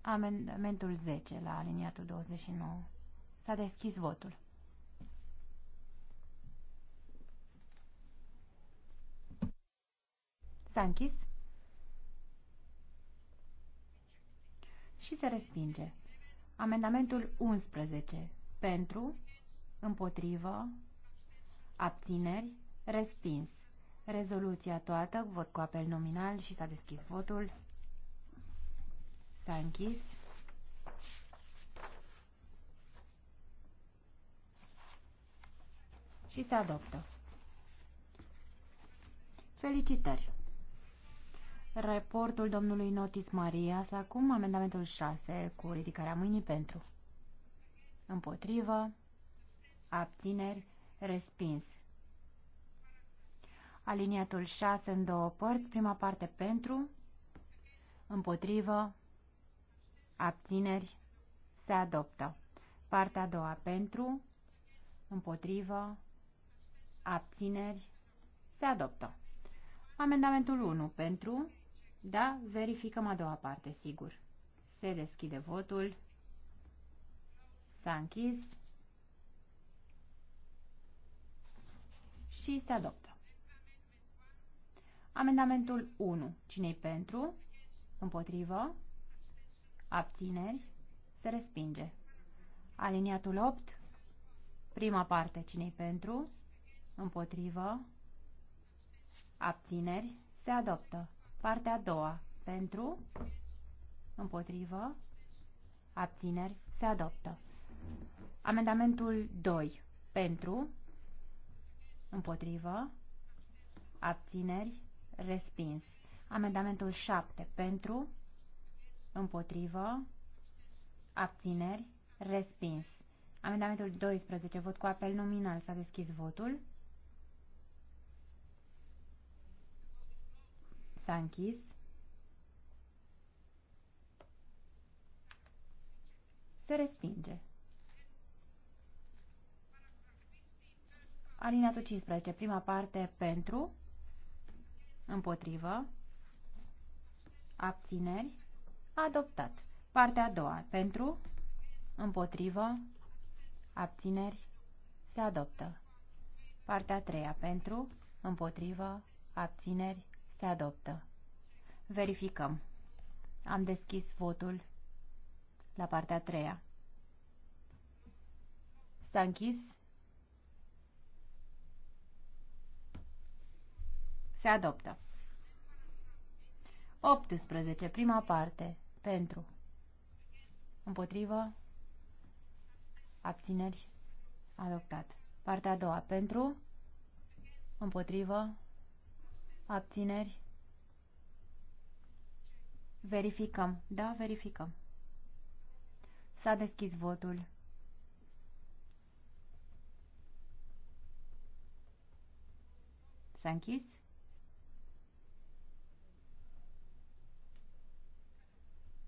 Amendamentul 10 la aliniatul 29. S-a deschis votul. S-a închis și se respinge. Amendamentul 11. Pentru, împotrivă, abțineri, respins. Rezoluția toată, vot cu apel nominal și s-a deschis votul. S-a închis. Și se adoptă. Felicitări! Raportul domnului Notis să acum amendamentul 6, cu ridicarea mâinii pentru. Împotrivă, abțineri, respins. Aliniatul 6 în două părți, prima parte pentru, împotrivă, abțineri, se adoptă. Partea a doua pentru, împotrivă, abțineri, se adoptă. Amendamentul 1 pentru, da, verificăm a doua parte, sigur. Se deschide votul, s-a închis și se adoptă. Amendamentul 1. Cine-i pentru? Împotrivă? Abțineri? Se respinge. Aliniatul 8. Prima parte. Cine-i pentru? Împotrivă? Abțineri? Se adoptă. Partea a doua. Pentru? Împotrivă? Abțineri? Se adoptă. Amendamentul 2. Pentru? Împotrivă? Abțineri? respins. Amendamentul 7 pentru, împotrivă, abțineri, respins. Amendamentul 12, vot cu apel nominal, s-a deschis votul. S-a închis. Se respinge. Alineatul 15, prima parte pentru, Împotrivă. Abțineri. Adoptat. Partea a doua. Pentru. Împotrivă. Abțineri. Se adoptă. Partea a treia. Pentru. Împotrivă. Abțineri. Se adoptă. Verificăm. Am deschis votul la partea a treia. S-a închis Se adoptă. 18. Prima parte. Pentru. Împotrivă. Abțineri. Adoptat. Partea a doua. Pentru. Împotrivă. Abțineri. Verificăm. Da, verificăm. S-a deschis votul. S-a închis.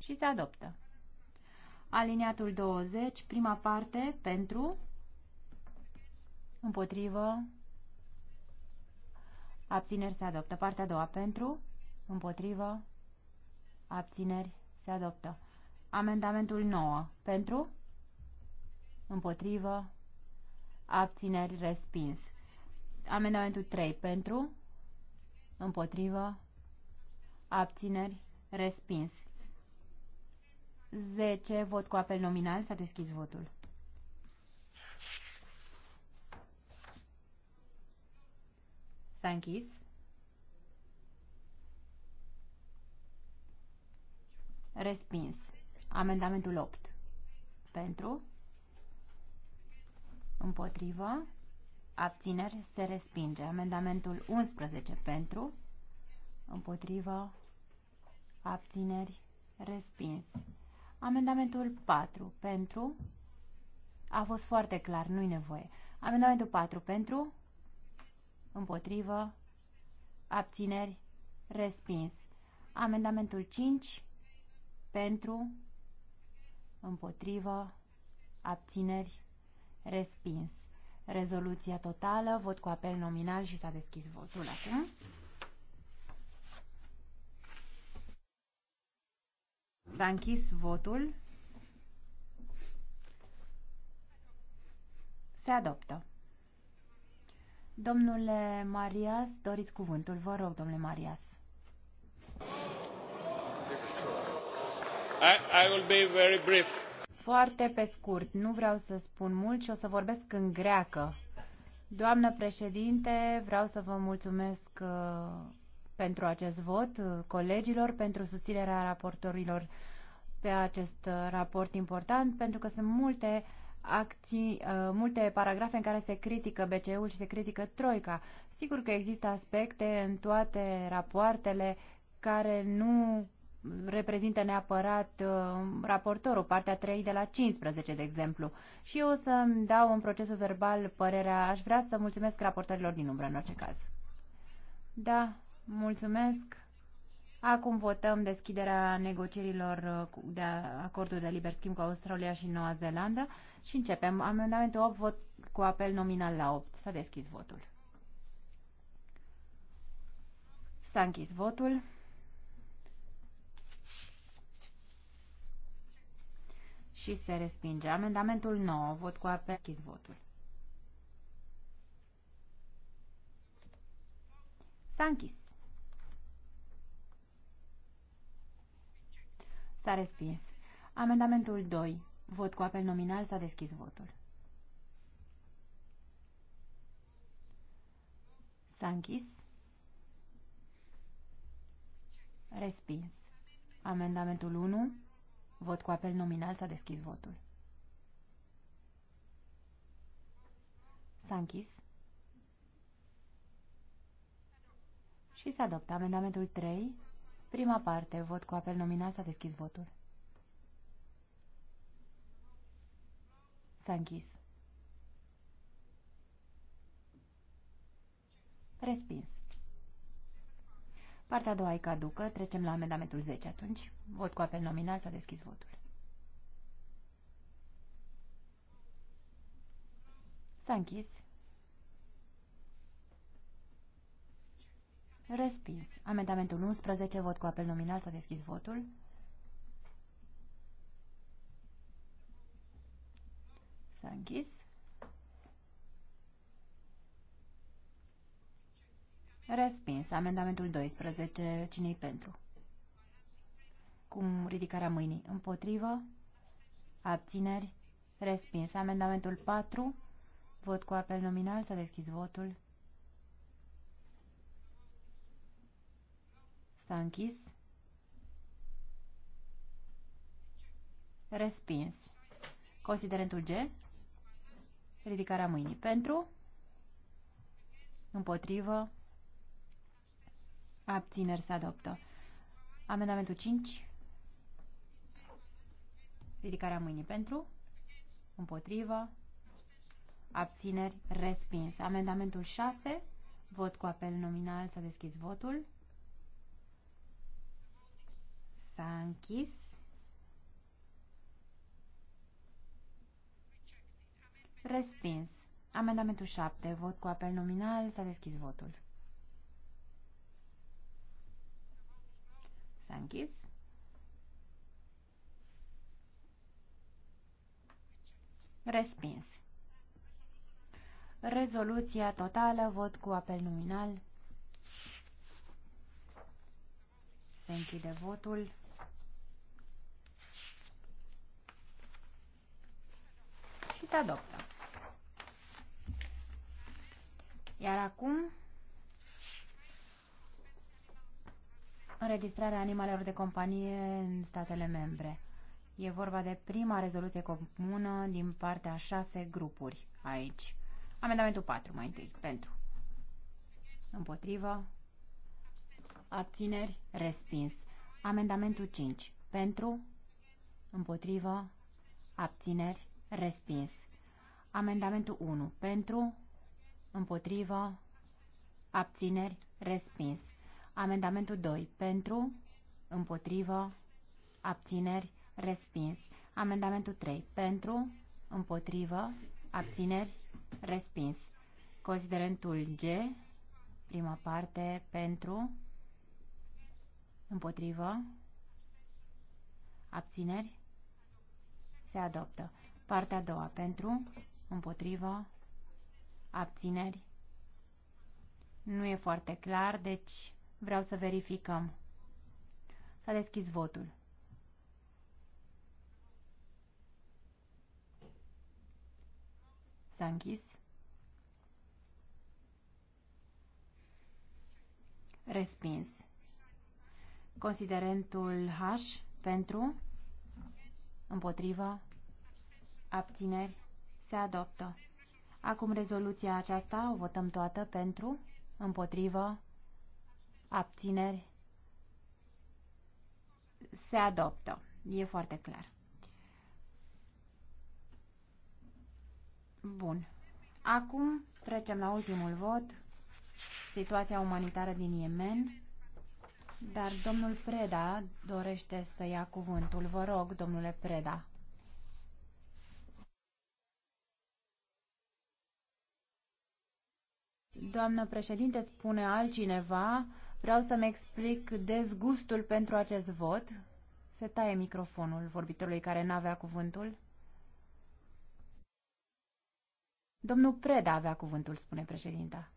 și se adoptă. Aliniatul 20, prima parte, pentru, împotrivă, abțineri se adoptă. Partea a doua, pentru, împotrivă, abțineri se adoptă. Amendamentul 9, pentru, împotrivă, abțineri respins. Amendamentul 3, pentru, împotrivă, abțineri respins. 10, vot cu apel nominal, s-a deschis votul. S-a închis. Respins. Amendamentul 8. Pentru. Împotrivă. Abțineri. Se respinge. Amendamentul 11. Pentru. Împotrivă. Abțineri. Respins. Amendamentul 4 pentru. A fost foarte clar, nu-i nevoie. Amendamentul 4 pentru. Împotrivă. Abțineri. Respins. Amendamentul 5 pentru. Împotrivă. Abțineri. Respins. Rezoluția totală, vot cu apel nominal și s-a deschis votul acum. S-a închis votul. Se adoptă. Domnule Marias, doriți cuvântul. Vă rog, domnule Marias. I, I will be very brief. Foarte pe scurt, nu vreau să spun mult și o să vorbesc în greacă. Doamnă președinte, vreau să vă mulțumesc uh, pentru acest vot, uh, colegilor, pentru susținerea raportorilor pe acest uh, raport important, pentru că sunt multe acții, uh, multe paragrafe în care se critică BCE-ul și se critică Troica. Sigur că există aspecte în toate rapoartele care nu reprezintă neapărat raportorul, partea 3 de la 15, de exemplu. Și eu o să-mi dau în procesul verbal părerea, aș vrea să mulțumesc raportorilor din umbră în orice caz. Da, Mulțumesc. Acum votăm deschiderea negocierilor uh, de acordul de liber schimb cu Australia și Noua Zeelandă și începem. Amendamentul 8, vot cu apel nominal la 8. S-a deschis votul. S-a închis votul. Și se respinge. Amendamentul 9, vot cu apel, închis votul. S-a închis. S-a respins. Amendamentul 2. Vot cu apel nominal. S-a deschis votul. S-a închis. Respins. Amendamentul 1. Vot cu apel nominal. S-a deschis votul. S-a închis. Și s-a adoptat amendamentul 3. Prima parte, vot cu apel nominal, s-a deschis votul. S-a închis. Respins. Partea a doua e caducă. Trecem la amendamentul 10 atunci. Vot cu apel nominal. S-a deschis votul. S-a închis. Respins. Amendamentul 11, vot cu apel nominal, s-a deschis votul. S-a închis. Respins. Amendamentul 12, cine pentru? Cum ridicarea mâinii? Împotrivă? Abțineri? Respins. Amendamentul 4, vot cu apel nominal, s-a deschis votul. S-a închis. Respins. Considerentul G. Ridicarea mâinii. Pentru. Împotrivă. Abțineri se adoptă. Amendamentul 5. Ridicarea mâinii. Pentru. Împotrivă. Abțineri. Respins. Amendamentul 6. Vot cu apel nominal. S-a deschis votul. S-a închis. Respins. Amendamentul 7. Vot cu apel nominal. S-a deschis votul. S-a închis. Respins. Rezoluția totală, vot cu apel nominal. Se închide votul. și te adoptă. Iar acum, înregistrarea animalelor de companie în statele membre. E vorba de prima rezoluție comună din partea șase grupuri aici. Amendamentul 4 mai întâi. Pentru. Împotrivă. Abțineri. Respins. Amendamentul 5. Pentru. Împotrivă. Abțineri. Respins. Amendamentul 1. Pentru, împotrivă, abțineri, respins. Amendamentul 2. Pentru, împotrivă, abțineri, respins. Amendamentul 3. Pentru, împotrivă, abțineri, respins. Considerentul G, prima parte, pentru, împotrivă, abțineri, se adoptă. Partea a doua pentru, împotrivă, abțineri. Nu e foarte clar, deci vreau să verificăm. S-a deschis votul. S-a închis. Respins. Considerentul H pentru, împotriva, abțineri, se adoptă. Acum rezoluția aceasta o votăm toată pentru, împotrivă, abțineri, se adoptă. E foarte clar. Bun. Acum trecem la ultimul vot. Situația umanitară din Yemen. Dar domnul Preda dorește să ia cuvântul. Vă rog, domnule Preda. Doamnă președinte, spune altcineva, vreau să-mi explic dezgustul pentru acest vot. Se taie microfonul vorbitorului care n-avea cuvântul. Domnul Preda avea cuvântul, spune președinta.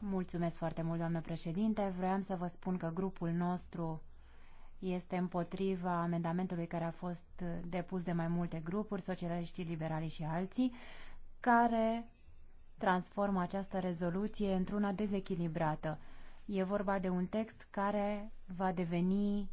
Mulțumesc foarte mult, doamnă președinte. Vreau să vă spun că grupul nostru este împotriva amendamentului care a fost uh, depus de mai multe grupuri, socialiștii, liberali și alții, care transformă această rezoluție într-una dezechilibrată. E vorba de un text care va deveni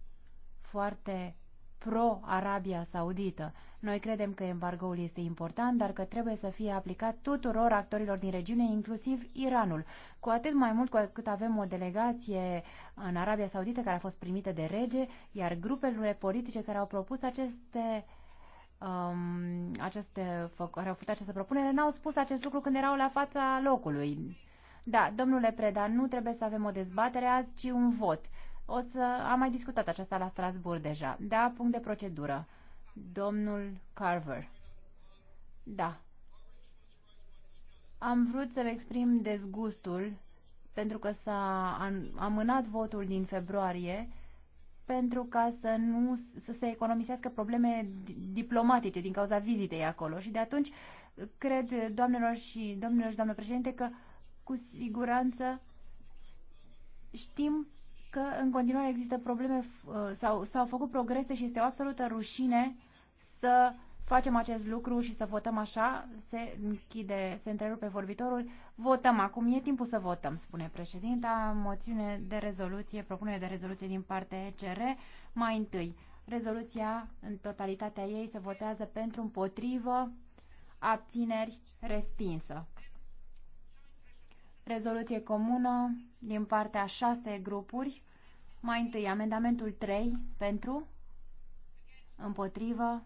foarte pro-Arabia Saudită. Noi credem că embargoul este important, dar că trebuie să fie aplicat tuturor actorilor din regiune, inclusiv Iranul. Cu atât mai mult cu cât avem o delegație în Arabia Saudită care a fost primită de rege, iar grupele politice care au propus aceste um, aceste, care au făcut această propunere n-au spus acest lucru când erau la fața locului. Da, domnule Preda, nu trebuie să avem o dezbatere azi, ci un vot. O să am mai discutat aceasta la Strasbourg deja. Da, punct de procedură domnul Carver. Da. Am vrut să l exprim dezgustul pentru că s-a amânat votul din februarie pentru ca să nu să se economisească probleme diplomatice din cauza vizitei acolo. Și de atunci cred, doamnelor și domnilor și doamnă președinte, că cu siguranță știm că în continuare există probleme sau s-au făcut progrese și este o absolută rușine să facem acest lucru și să votăm așa, se închide, se întrerupe vorbitorul, votăm acum, e timpul să votăm, spune președinta, moțiune de rezoluție, propunere de rezoluție din partea ECR, mai întâi, rezoluția în totalitatea ei se votează pentru împotrivă, abțineri, respinsă. Rezoluție comună din partea șase grupuri, mai întâi, amendamentul 3 pentru, împotrivă,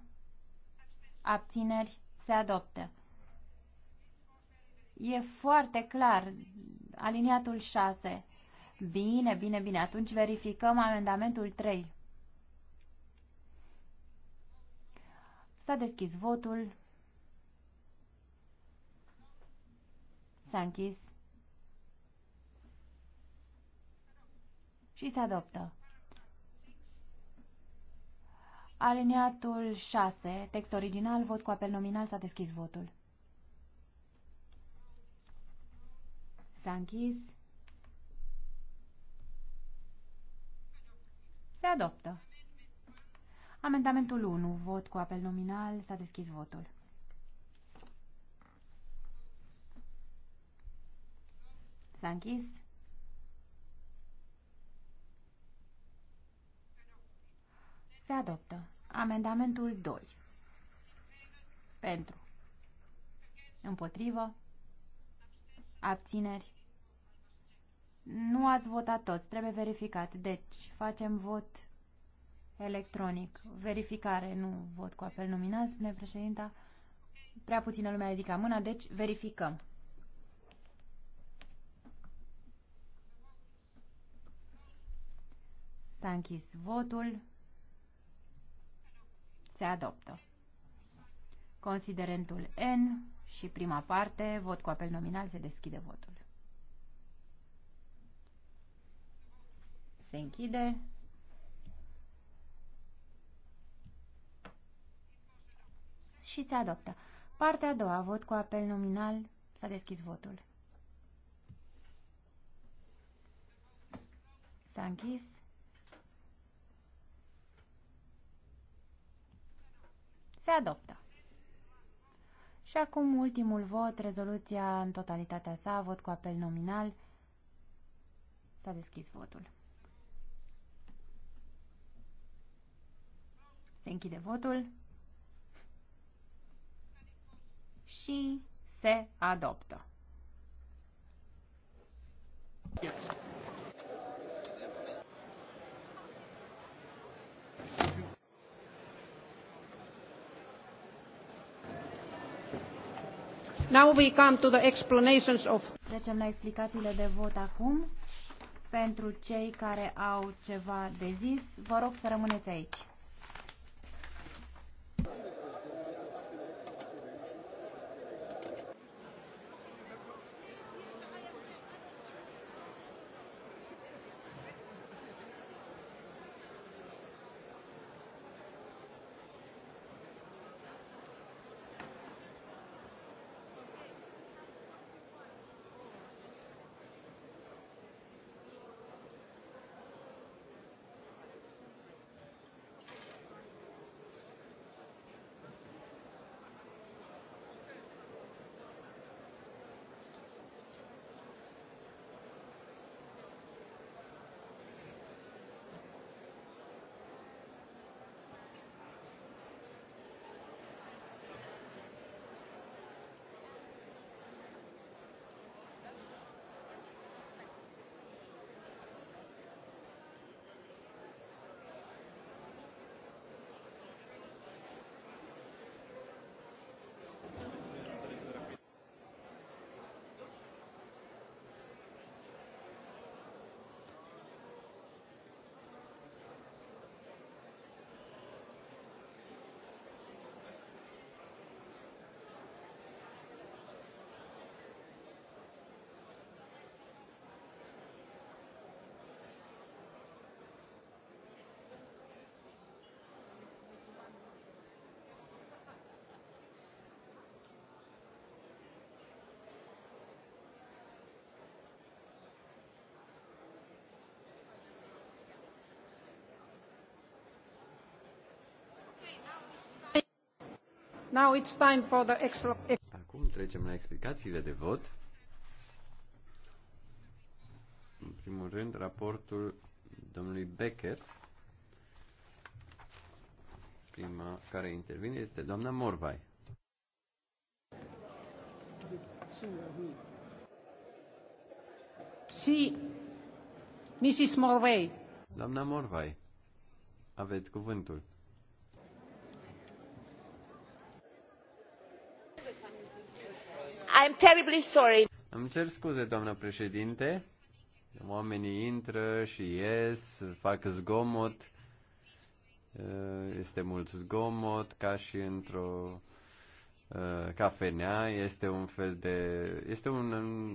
abțineri, se adoptă. E foarte clar, aliniatul 6. Bine, bine, bine, atunci verificăm amendamentul 3. S-a deschis votul. S-a închis. Și se adoptă. Aliniatul 6, text original, vot cu apel nominal, s-a deschis votul. S-a închis. Se adoptă. Amendamentul 1, vot cu apel nominal, s-a deschis votul. S-a închis. Se adoptă. Amendamentul 2. Pentru. Împotrivă. Abțineri. Nu ați votat toți, trebuie verificat. Deci, facem vot electronic. Verificare, nu vot cu apel nominal, spune președinta. Prea puțină lumea ridica mâna, deci verificăm. S-a închis votul. Se adoptă. Considerentul N și prima parte, vot cu apel nominal, se deschide votul. Se închide. Și se adoptă. Partea a doua, vot cu apel nominal, s-a deschis votul. S-a închis. Se adoptă. Și acum ultimul vot, rezoluția în totalitatea sa, vot cu apel nominal. S-a deschis votul. Se închide votul și se adoptă. Yes. Now we come to the explanations of... Trecem la explicațiile de vot acum. Pentru cei care au ceva de zis, vă rog să rămâneți aici. Now it's time for the extra... Acum trecem la explicațiile de vot. În primul rând, raportul domnului Becker. Prima care intervine este doamna Morvai. Si, Mrs. Morvai. Doamna Morvai, aveți cuvântul. I'm terribly sorry. Îmi cer scuze, doamnă președinte. Oamenii intră și ies, fac zgomot. Este mult zgomot, ca și într-o cafenea. Este un fel de... Este un